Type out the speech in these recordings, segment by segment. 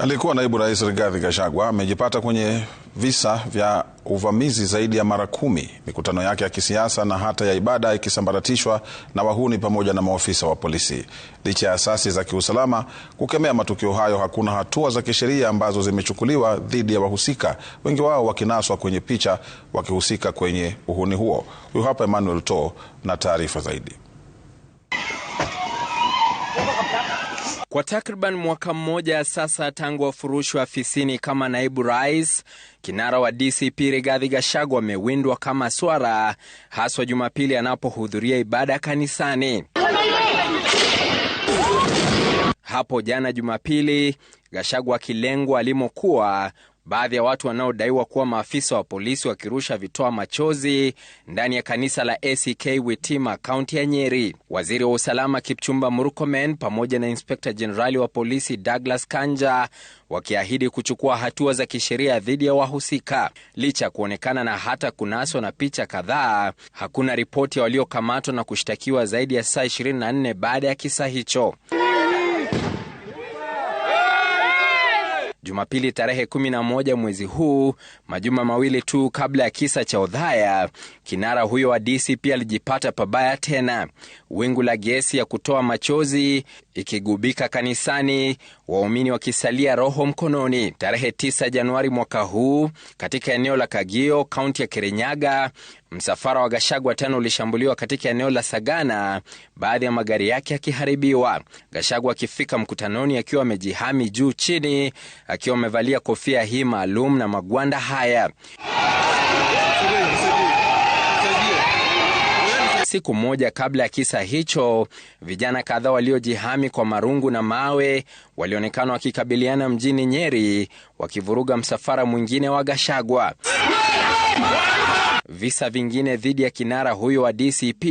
Aliyekuwa naibu rais Rigathi Gachagua amejipata kwenye visa vya uvamizi zaidi ya mara kumi, mikutano yake ya kisiasa na hata ya ibada ikisambaratishwa na wahuni pamoja na maofisa wa polisi. Licha ya asasi za kiusalama kukemea matukio hayo, hakuna hatua za kisheria ambazo zimechukuliwa dhidi ya wahusika, wengi wao wakinaswa kwenye picha wakihusika kwenye uhuni huo. Huyu hapa Emmanuel To na taarifa zaidi. Kwa takriban mwaka mmoja sasa tangu afurushwa afisini kama naibu rais, kinara wa DCP Rigathi Gachagua amewindwa kama swara, haswa Jumapili anapohudhuria ibada kanisani. Hapo jana Jumapili, Gachagua akilengwa alimokuwa baadhi ya watu wanaodaiwa kuwa maafisa wa polisi wakirusha vitoa machozi ndani ya kanisa la ACK Witima, kaunti ya Nyeri. Waziri wa usalama Kipchumba Murkomen pamoja na inspekta jenerali wa polisi Douglas Kanja wakiahidi kuchukua hatua za kisheria dhidi ya wahusika. Licha ya kuonekana na hata kunaswa na picha kadhaa, hakuna ripoti ya waliokamatwa na kushtakiwa zaidi ya saa 24 baada ya kisa hicho. Jumapili tarehe 11 mwezi huu, majuma mawili tu kabla ya kisa cha Odhaya, kinara huyo wa DC pia alijipata pabaya tena. Wingu la gesi ya kutoa machozi ikigubika kanisani, waumini wakisalia roho mkononi. Tarehe 9 Januari mwaka huu katika eneo la Kagio, kaunti ya Kirinyaga, msafara wa Gashagwa tano ulishambuliwa katika eneo la Sagana, baadhi ya magari yake yakiharibiwa. Gashagwa akifika mkutanoni akiwa amejihami juu chini, akiwa amevalia kofia hii maalum na magwanda haya siku moja kabla ya kisa hicho, vijana kadhaa waliojihami kwa marungu na mawe walionekana wakikabiliana mjini Nyeri wakivuruga msafara mwingine wa Gashagwa. Visa vingine dhidi ya kinara huyo wa DCP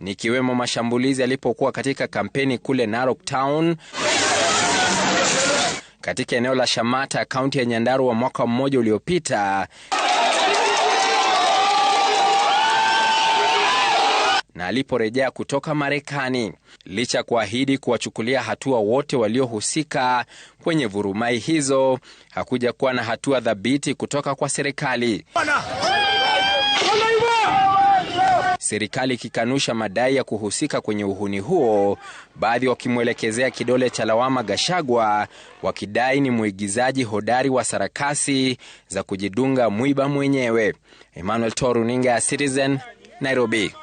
ni kiwemo mashambulizi alipokuwa katika kampeni kule Narok Town katika eneo la Shamata, kaunti ya Nyandarua mwaka mmoja uliopita. aliporejea kutoka Marekani, licha ya kuahidi kuwachukulia hatua wote waliohusika kwenye vurumai hizo. Hakuja kuwa na hatua dhabiti kutoka kwa serikali, serikali ikikanusha madai ya kuhusika kwenye uhuni huo, baadhi wakimwelekezea kidole cha lawama Gashagwa, wakidai ni mwigizaji hodari wa sarakasi za kujidunga mwiba mwenyewe. Emmanuel Toruninga ya Citizen, Nairobi.